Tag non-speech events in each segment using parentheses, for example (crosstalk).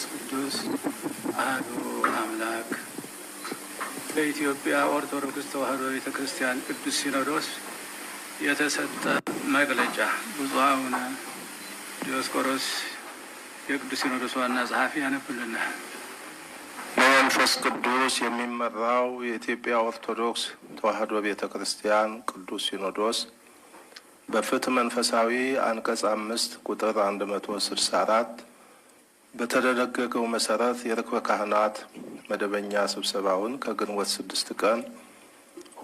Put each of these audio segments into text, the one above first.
መንፈስ ቅዱስ አህዱ አምላክ በኢትዮጵያ ኦርቶዶክስ ተዋሕዶ ቤተ ክርስቲያን ቅዱስ ሲኖዶስ የተሰጠ መግለጫ። ብፁዕ አቡነ ዲዮስቆሮስ የቅዱስ ሲኖዶስ ዋና ጸሐፊ ያነብልናል። በመንፈስ ቅዱስ የሚመራው የኢትዮጵያ ኦርቶዶክስ ተዋሕዶ ቤተ ክርስቲያን ቅዱስ ሲኖዶስ በፍትህ መንፈሳዊ አንቀጽ አምስት ቁጥር አንድ መቶ ስልሳ አራት በተደነገገው መሰረት የርክበ ካህናት መደበኛ ስብሰባውን ከግንቦት ስድስት ቀን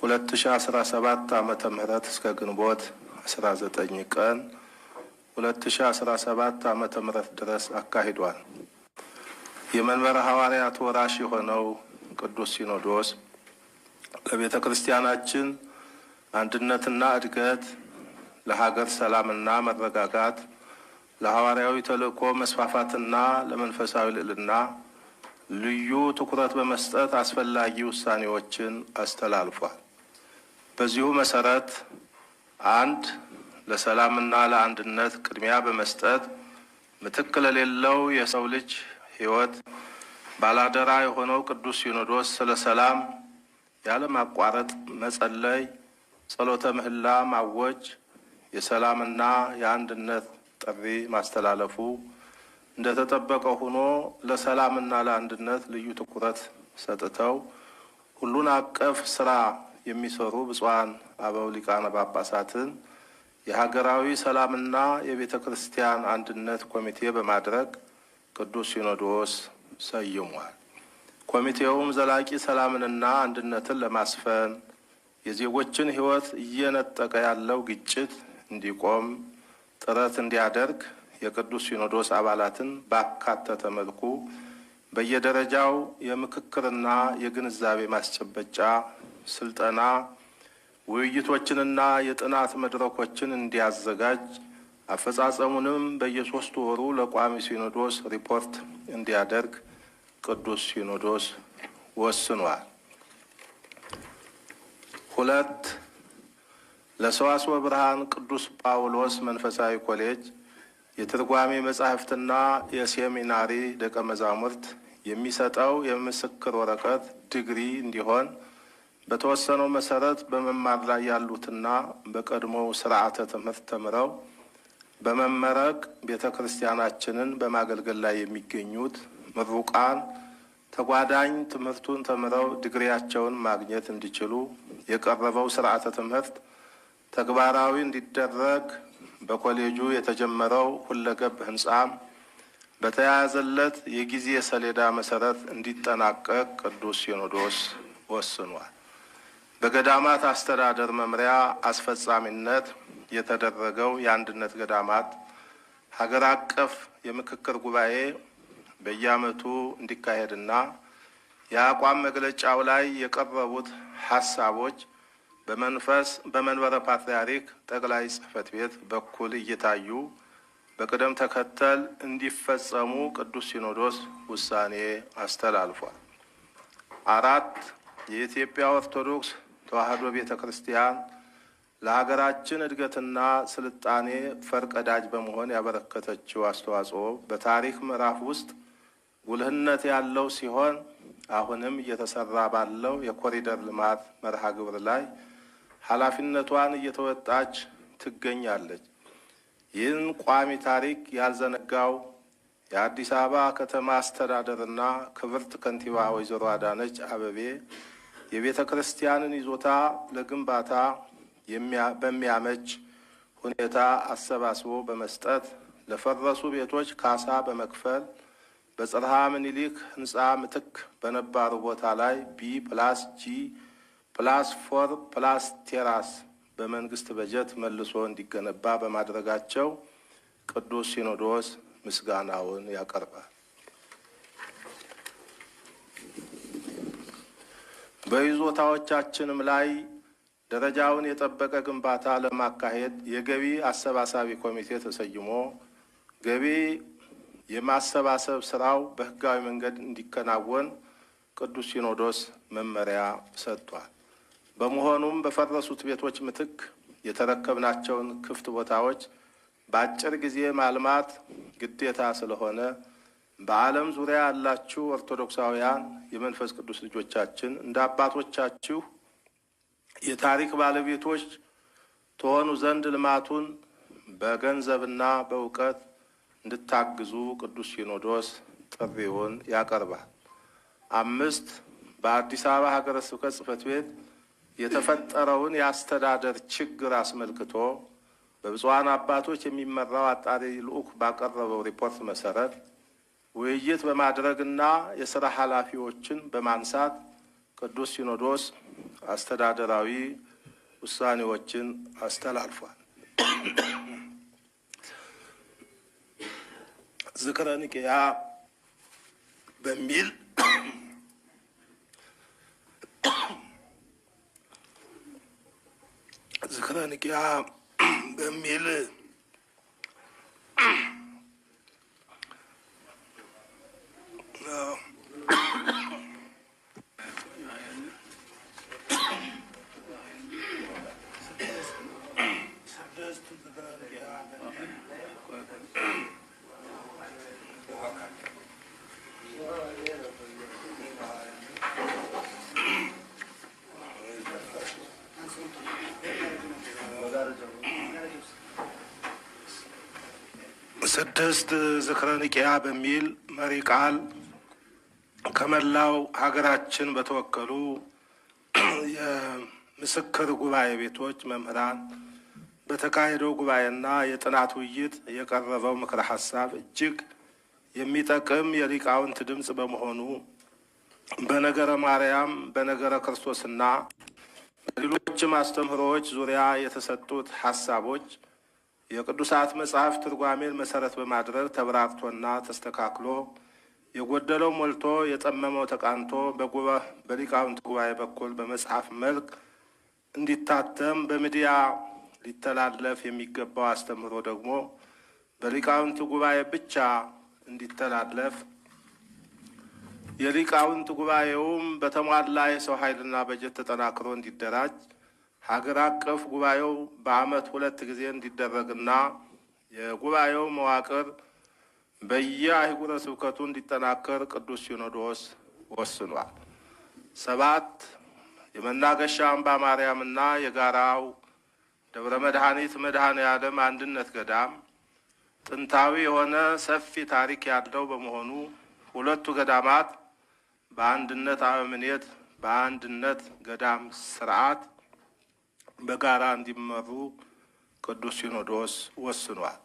ሁለት ሺ አስራ ሰባት ዓመተ ምህረት እስከ ግንቦት አስራ ዘጠኝ ቀን ሁለት ሺ አስራ ሰባት ዓመተ ምህረት ድረስ አካሂዷል። የመንበረ ሐዋርያት ወራሽ የሆነው ቅዱስ ሲኖዶስ ለቤተ ክርስቲያናችን አንድነትና እድገት፣ ለሀገር ሰላምና መረጋጋት ለሐዋርያዊ ተልእኮ መስፋፋትና ለመንፈሳዊ ልዕልና ልዩ ትኩረት በመስጠት አስፈላጊ ውሳኔዎችን አስተላልፏል። በዚሁ መሰረት አንድ ለሰላምና ለአንድነት ቅድሚያ በመስጠት ምትክ ለሌለው የሰው ልጅ ሕይወት ባላደራ የሆነው ቅዱስ ሲኖዶስ ስለ ሰላም ያለማቋረጥ መጸለይ፣ ጸሎተ ምህላ ማወጅ፣ የሰላምና የአንድነት ጥሪ ማስተላለፉ እንደተጠበቀ ሆኖ ለሰላምና ለአንድነት ልዩ ትኩረት ሰጥተው ሁሉን አቀፍ ስራ የሚሰሩ ብፁዓን አበው ሊቃነ ጳጳሳትን የሀገራዊ ሰላምና የቤተ ክርስቲያን አንድነት ኮሚቴ በማድረግ ቅዱስ ሲኖዶስ ሰይሟል። ኮሚቴውም ዘላቂ ሰላምንና አንድነትን ለማስፈን የዜጎችን ሕይወት እየነጠቀ ያለው ግጭት እንዲቆም ጥረት እንዲያደርግ የቅዱስ ሲኖዶስ አባላትን ባካተተ መልኩ በየደረጃው የምክክርና የግንዛቤ ማስጨበጫ ስልጠና ውይይቶችንና የጥናት መድረኮችን እንዲያዘጋጅ አፈጻጸሙንም በየሶስት ወሩ ለቋሚ ሲኖዶስ ሪፖርት እንዲያደርግ ቅዱስ ሲኖዶስ ወስኗል። ሁለት ለሰዋስወ ብርሃን ቅዱስ ጳውሎስ መንፈሳዊ ኮሌጅ የትርጓሜ መጻሕፍትና የሴሚናሪ ደቀ መዛሙርት የሚሰጠው የምስክር ወረቀት ዲግሪ እንዲሆን በተወሰነው መሰረት በመማር ላይ ያሉትና በቀድሞ ስርዓተ ትምህርት ተምረው በመመረቅ ቤተ ክርስቲያናችንን በማገልገል ላይ የሚገኙት ምሩቃን ተጓዳኝ ትምህርቱን ተምረው ድግሪያቸውን ማግኘት እንዲችሉ የቀረበው ስርዓተ ትምህርት ተግባራዊ እንዲደረግ በኮሌጁ የተጀመረው ሁለገብ ህንፃ በተያያዘለት የጊዜ ሰሌዳ መሰረት እንዲጠናቀቅ ቅዱስ ሲኖዶስ ወስኗል። በገዳማት አስተዳደር መምሪያ አስፈጻሚነት የተደረገው የአንድነት ገዳማት ሀገር አቀፍ የምክክር ጉባኤ በየዓመቱ እንዲካሄድና የአቋም መግለጫው ላይ የቀረቡት ሀሳቦች በመንፈስ በመንበረ ፓትርያርክ ጠቅላይ ጽህፈት ቤት በኩል እየታዩ በቅደም ተከተል እንዲፈጸሙ ቅዱስ ሲኖዶስ ውሳኔ አስተላልፏል። አራት የኢትዮጵያ ኦርቶዶክስ ተዋሕዶ ቤተ ክርስቲያን ለሀገራችን እድገትና ስልጣኔ ፈርቀዳጅ በመሆን ያበረከተችው አስተዋጽኦ በታሪክ ምዕራፍ ውስጥ ጉልህነት ያለው ሲሆን አሁንም እየተሰራ ባለው የኮሪደር ልማት መርሃ ግብር ላይ ኃላፊነቷን እየተወጣች ትገኛለች። ይህን ቋሚ ታሪክ ያልዘነጋው የአዲስ አበባ ከተማ አስተዳደርና ክብርት ከንቲባ ወይዘሮ አዳነች አበቤ የቤተ ክርስቲያንን ይዞታ ለግንባታ በሚያመች ሁኔታ አሰባስቦ በመስጠት ለፈረሱ ቤቶች ካሳ በመክፈል በጽርሃ ምኒልክ ህንፃ ምትክ በነባሩ ቦታ ላይ ቢ ፕላስ ጂ ፕላስ ፎር ፕላስ ቴራስ በመንግስት በጀት መልሶ እንዲገነባ በማድረጋቸው ቅዱስ ሲኖዶስ ምስጋናውን ያቀርባል። በይዞታዎቻችንም ላይ ደረጃውን የጠበቀ ግንባታ ለማካሄድ የገቢ አሰባሳቢ ኮሚቴ ተሰይሞ ገቢ የማሰባሰብ ስራው በህጋዊ መንገድ እንዲከናወን ቅዱስ ሲኖዶስ መመሪያ ሰጥቷል። በመሆኑም በፈረሱት ቤቶች ምትክ የተረከብናቸውን ክፍት ቦታዎች በአጭር ጊዜ ማልማት ግዴታ ስለሆነ በዓለም ዙሪያ ያላችሁ ኦርቶዶክሳውያን የመንፈስ ቅዱስ ልጆቻችን እንደ አባቶቻችሁ የታሪክ ባለቤቶች ተሆኑ ዘንድ ልማቱን በገንዘብና በእውቀት እንድታግዙ ቅዱስ ሲኖዶስ ጥሪውን ያቀርባል። አምስት በአዲስ አበባ ሀገረ ስብከት ጽሕፈት ቤት የተፈጠረውን የአስተዳደር ችግር አስመልክቶ በብፁዓን አባቶች የሚመራው አጣሪ ልዑክ ባቀረበው ሪፖርት መሰረት ውይይት በማድረግና የሥራ ኃላፊዎችን በማንሳት ቅዱስ ሲኖዶስ አስተዳደራዊ ውሳኔዎችን አስተላልፏል። (clears throat) ዝክረ ኒቅያ በሚል Zıkınanik ya (clears throat) ben bilirim. ስድስት ዝክረ ኒቂያ በሚል መሪ ቃል ከመላው ሀገራችን በተወከሉ (clears throat) የምስክር ጉባኤ ቤቶች መምህራን በተካሄደው ጉባኤና የጥናት ውይይት የቀረበው ምክረ ሀሳብ እጅግ የሚጠቅም የሊቃውንት ድምፅ በመሆኑ በነገረ ማርያም በነገረ ክርስቶስና ሌሎችም አስተምህሮዎች ዙሪያ የተሰጡት ሀሳቦች የቅዱሳት መጽሐፍ ትርጓሜን መሰረት በማድረግ ተብራርቶና ተስተካክሎ የጎደለው ሞልቶ የጠመመው ተቃንቶ በሊቃውንት ጉባኤ በኩል በመጽሐፍ መልክ እንዲታተም በሚዲያ ሊተላለፍ የሚገባው አስተምህሮ ደግሞ በሊቃውንት ጉባኤ ብቻ እንዲተላለፍ የሊቃውንት ጉባኤውም በተሟላ የሰው ኃይልና በጀት ተጠናክሮ እንዲደራጅ ሀገር አቀፍ ጉባኤው በዓመት ሁለት ጊዜ እንዲደረግና የጉባኤው መዋቅር በየአህጉረ ስብከቱ እንዲጠናከር ቅዱስ ሲኖዶስ ወስኗል። ሰባት የመናገሻ አምባ ማርያምና የጋራው ደብረ መድኃኒት መድኃኔ ዓለም አንድነት ገዳም ጥንታዊ የሆነ ሰፊ ታሪክ ያለው በመሆኑ ሁለቱ ገዳማት በአንድነት አበምኔት በአንድነት ገዳም ስርዓት በጋራ እንዲመሩ ቅዱስ ሲኖዶስ ወስኗል።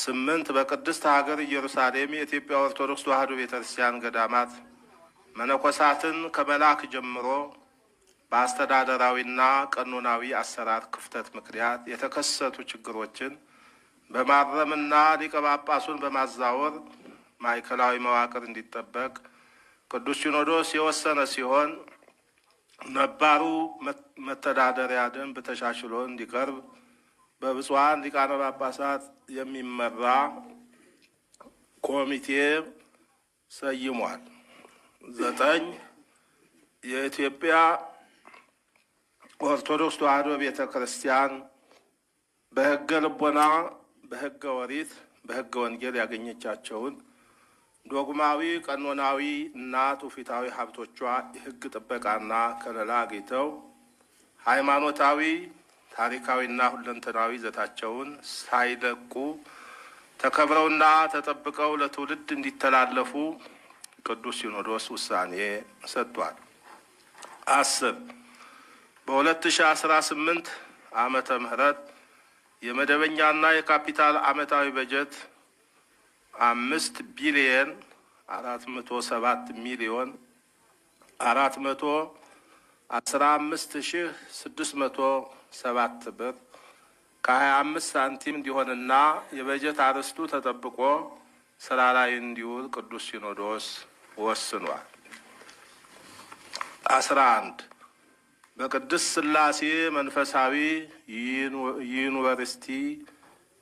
ስምንት በቅድስት ሀገር ኢየሩሳሌም የኢትዮጵያ ኦርቶዶክስ ተዋሕዶ ቤተ ክርስቲያን ገዳማት መነኮሳትን ከመላክ ጀምሮ በአስተዳደራዊና ቀኖናዊ አሰራር ክፍተት ምክንያት የተከሰቱ ችግሮችን በማረምና ሊቀ ጳጳሱን በማዛወር ማዕከላዊ መዋቅር እንዲጠበቅ ቅዱስ ሲኖዶስ የወሰነ ሲሆን ነባሩ መተዳደሪያ ደንብ ተሻሽሎ እንዲቀርብ በብፁዓን ሊቃነ ጳጳሳት የሚመራ ኮሚቴ ሰይሟል። ዘጠኝ የኢትዮጵያ ኦርቶዶክስ ተዋሕዶ ቤተ ክርስቲያን በሕገ ልቦና፣ በሕገ ወሪት በሕገ ወንጌል ያገኘቻቸውን ዶግማዊ፣ ቀኖናዊ እና ትውፊታዊ ሀብቶቿ የህግ ጥበቃና ከለላ አግኝተው ሃይማኖታዊ፣ ታሪካዊና ሁለንተናዊ ይዘታቸውን ሳይለቁ ተከብረውና ተጠብቀው ለትውልድ እንዲተላለፉ ቅዱስ ሲኖዶስ ውሳኔ ሰጥቷል። አስር በ2018 ዓመተ ምህረት የመደበኛና የካፒታል ዓመታዊ በጀት አምስት ቢሊየን አራት መቶ ሰባት ሚሊዮን አራት መቶ አስራ አምስት ሺህ ስድስት መቶ ሰባት ብር ከሀያ አምስት ሳንቲም እንዲሆንና የበጀት አርዕስቱ ተጠብቆ ስራ ላይ እንዲውል ቅዱስ ሲኖዶስ ወስኗል። አስራ አንድ በቅድስት ስላሴ መንፈሳዊ ዩኒቨርሲቲ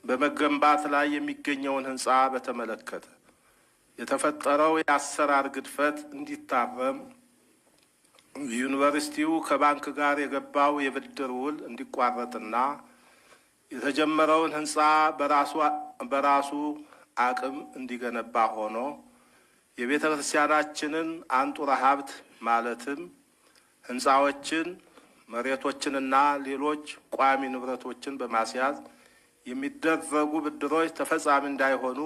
በመገንባት ላይ የሚገኘውን ህንፃ በተመለከተ የተፈጠረው የአሰራር ግድፈት እንዲታረም ዩኒቨርሲቲው ከባንክ ጋር የገባው የብድር ውል እንዲቋረጥና የተጀመረውን ህንፃ በራሱ አቅም እንዲገነባ ሆኖ የቤተ ክርስቲያናችንን አንጡረ ሀብት ማለትም ህንፃዎችን፣ መሬቶችንና ሌሎች ቋሚ ንብረቶችን በማስያዝ የሚደረጉ ብድሮች ተፈጻሚ እንዳይሆኑ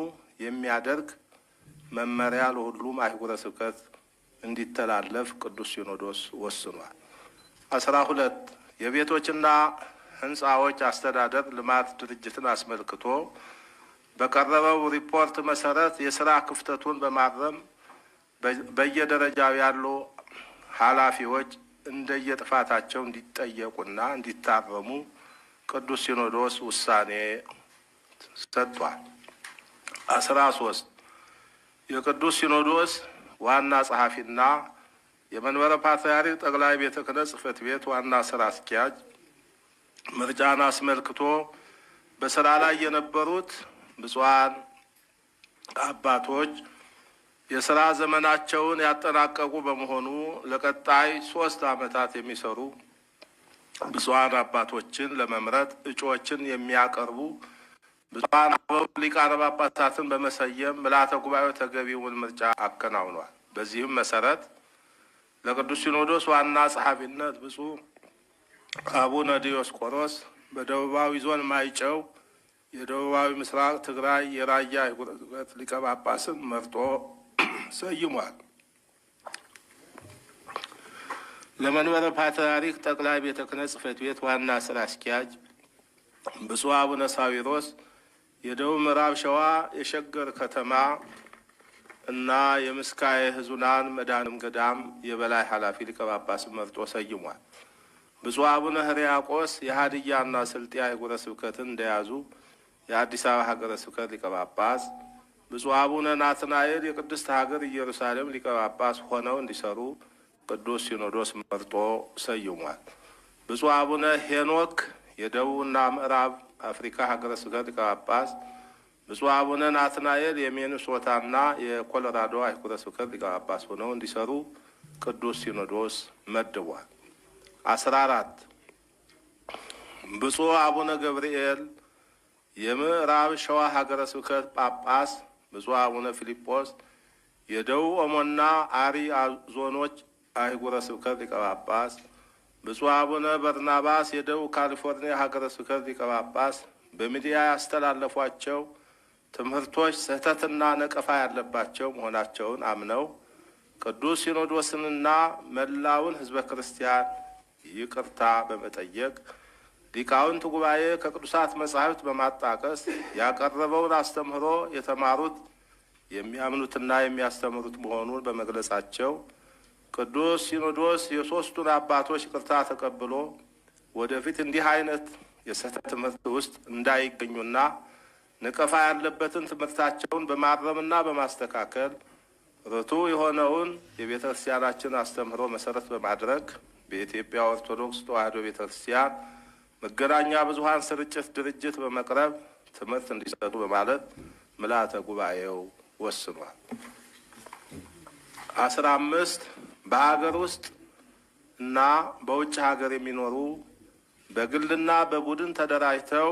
የሚያደርግ መመሪያ ለሁሉም አህጉረ ስብከት እንዲተላለፍ ቅዱስ ሲኖዶስ ወስኗል። አስራ ሁለት የቤቶችና ህንፃዎች አስተዳደር ልማት ድርጅትን አስመልክቶ በቀረበው ሪፖርት መሰረት የስራ ክፍተቱን በማረም በየደረጃው ያሉ ኃላፊዎች እንደየጥፋታቸው እንዲጠየቁና እንዲታረሙ ቅዱስ ሲኖዶስ ውሳኔ ሰጥቷል። አስራ ሶስት የቅዱስ ሲኖዶስ ዋና ጸሐፊና የመንበረ ፓትርያርክ ጠቅላይ ቤተ ክህነት ጽሕፈት ቤት ዋና ስራ አስኪያጅ ምርጫን አስመልክቶ በስራ ላይ የነበሩት ብፁዓን አባቶች የስራ ዘመናቸውን ያጠናቀቁ በመሆኑ ለቀጣይ ሶስት ዓመታት የሚሰሩ ብፁዓን አባቶችን ለመምረጥ እጩዎችን የሚያቀርቡ ብፁዓን አበው ሊቃነ ጳጳሳትን በመሰየም ምላተ ጉባኤው ተገቢውን ምርጫ አከናውኗል። በዚህም መሰረት ለቅዱስ ሲኖዶስ ዋና ጸሐፊነት ብፁዕ አቡነ ዲዮስቆሮስ በደቡባዊ ዞን ማይጨው የደቡባዊ ምስራቅ ትግራይ የራያ ሀገረ ስብከት ሊቀ ጳጳስን መርጦ (clears throat) ሰይሟል። ለመንበረ ፓትርያርክ ጠቅላይ ቤተ ክህነት ጽሕፈት ቤት ዋና ስራ አስኪያጅ ብፁዕ አቡነ ሳዊሮስ የደቡብ ምዕራብ ሸዋ የሸገር ከተማ እና የምስካየ ሕዙናን መድኃኔዓለም ገዳም የበላይ ኃላፊ ሊቀ መርጦ ሰይሟል። ብፁዕ አቡነ ሕርያቆስ የሀዲያና ስልጤ አህጉረ ስብከትን እንደያዙ የአዲስ አበባ ሀገረ ስብከት ሊቀ ጳጳስ፣ ብፁዕ አቡነ ናትናኤል የቅድስት ሀገር ኢየሩሳሌም ሊቀ ጳጳስ ሆነው እንዲሰሩ ቅዱስ ሲኖዶስ መርጦ ሰይሟል። ብፁዕ አቡነ ሄኖክ የደቡብና ምዕራብ አፍሪካ ሀገረ ስብከት ሊቀ ጳጳስ፣ ብፁዕ አቡነ ናትናኤል የሚኒሶታና የኮሎራዶ አይኩረ ስብከት ሊቀ ጳጳስ ሆነው እንዲሰሩ ቅዱስ ሲኖዶስ መድቧል። አስራ አራት ብፁዕ አቡነ ገብርኤል የምዕራብ ሸዋ ሀገረ ስብከት ጳጳስ፣ ብፁዕ አቡነ ፊልጶስ የደቡብ ኦሞና አሪ ዞኖች አህጉረ ስብከት ሊቀ ጳጳስ፣ ብፁዕ አቡነ በርናባስ የደቡብ ካሊፎርኒያ ሀገረ ስብከት ሊቀ ጳጳስ በሚዲያ ያስተላለፏቸው ትምህርቶች ስህተትና ነቀፋ ያለባቸው መሆናቸውን አምነው ቅዱስ ሲኖዶስንና መላውን ሕዝበ ክርስቲያን ይቅርታ በመጠየቅ ሊቃውንት ጉባኤ ከቅዱሳት መጻሕፍት በማጣቀስ ያቀረበውን አስተምህሮ የተማሩት የሚያምኑትና የሚያስተምሩት መሆኑን በመግለጻቸው ቅዱስ ሲኖዶስ የሦስቱን አባቶች ቅርታ ተቀብሎ ወደፊት እንዲህ አይነት የስህተት ትምህርት ውስጥ እንዳይገኙና ንቀፋ ያለበትን ትምህርታቸውን በማረምና በማስተካከል ርቱ የሆነውን የቤተ ክርስቲያናችን አስተምህሮ መሰረት በማድረግ በኢትዮጵያ ኦርቶዶክስ ተዋሕዶ ቤተ ክርስቲያን መገናኛ ብዙኃን ስርጭት ድርጅት በመቅረብ ትምህርት እንዲሰጡ በማለት ምልዓተ ጉባኤው ወስኗል። አስራ አምስት በሀገር ውስጥ እና በውጭ ሀገር የሚኖሩ በግልና በቡድን ተደራጅተው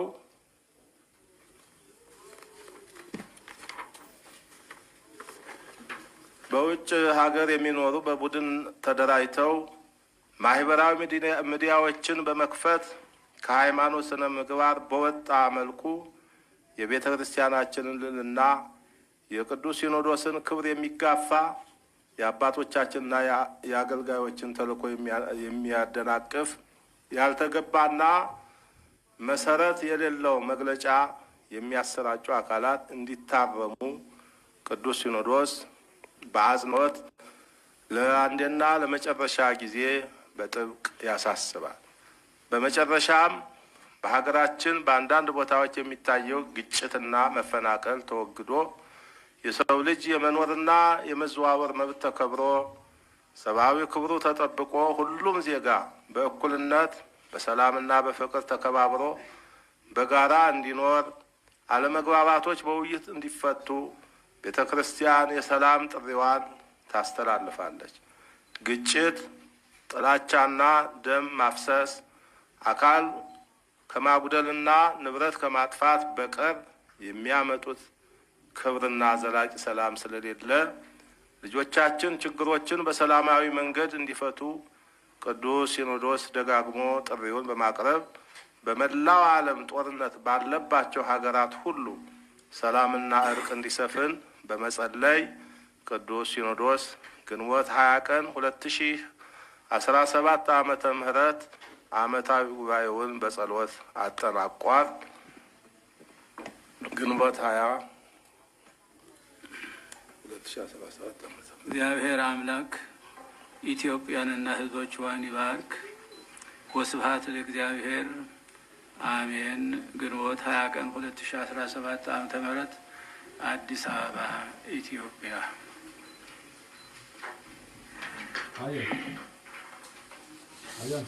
በውጭ ሀገር የሚኖሩ በቡድን ተደራጅተው ማህበራዊ ሚዲያዎችን በመክፈት ከሃይማኖት ስነ ምግባር በወጣ መልኩ የቤተ ክርስቲያናችንን ልዕልና የቅዱስ ሲኖዶስን ክብር የሚጋፋ የአባቶቻችንና የአገልጋዮችን ተልዕኮ የሚያደናቅፍ ያልተገባና መሰረት የሌለው መግለጫ የሚያሰራጩ አካላት እንዲታረሙ ቅዱስ ሲኖዶስ በአጽንኦት ለአንዴና ለመጨረሻ ጊዜ በጥብቅ ያሳስባል። በመጨረሻም በሀገራችን በአንዳንድ ቦታዎች የሚታየው ግጭትና መፈናቀል ተወግዶ የሰው ልጅ የመኖርና የመዘዋወር መብት ተከብሮ ሰብአዊ ክብሩ ተጠብቆ ሁሉም ዜጋ በእኩልነት በሰላምና በፍቅር ተከባብሮ በጋራ እንዲኖር አለመግባባቶች በውይይት እንዲፈቱ ቤተ ክርስቲያን የሰላም ጥሪዋን ታስተላልፋለች። ግጭት፣ ጥላቻና ደም ማፍሰስ አካል ከማጉደልና ንብረት ከማጥፋት በቀር የሚያመጡት ክብርና ዘላቂ ሰላም ስለሌለ ልጆቻችን ችግሮችን በሰላማዊ መንገድ እንዲፈቱ ቅዱስ ሲኖዶስ ደጋግሞ ጥሪውን በማቅረብ በመላው ዓለም ጦርነት ባለባቸው ሀገራት ሁሉ ሰላምና እርቅ እንዲሰፍን በመጸለይ ቅዱስ ሲኖዶስ ግንቦት 20 ቀን 2017 ዓመተ ምህረት ዓመታዊ ጉባኤውን በጸሎት አጠናቋል። ግንቦት ሀያ 2017 ዓ.ም እግዚአብሔር አምላክ ኢትዮጵያንና ሕዝቦቿን ይባርክ። ወስብሐት ለእግዚአብሔር አሜን። ግንቦት 20 ቀን 2017 ዓመተ ምህረት አዲስ አበባ ኢትዮጵያ። አያ አያ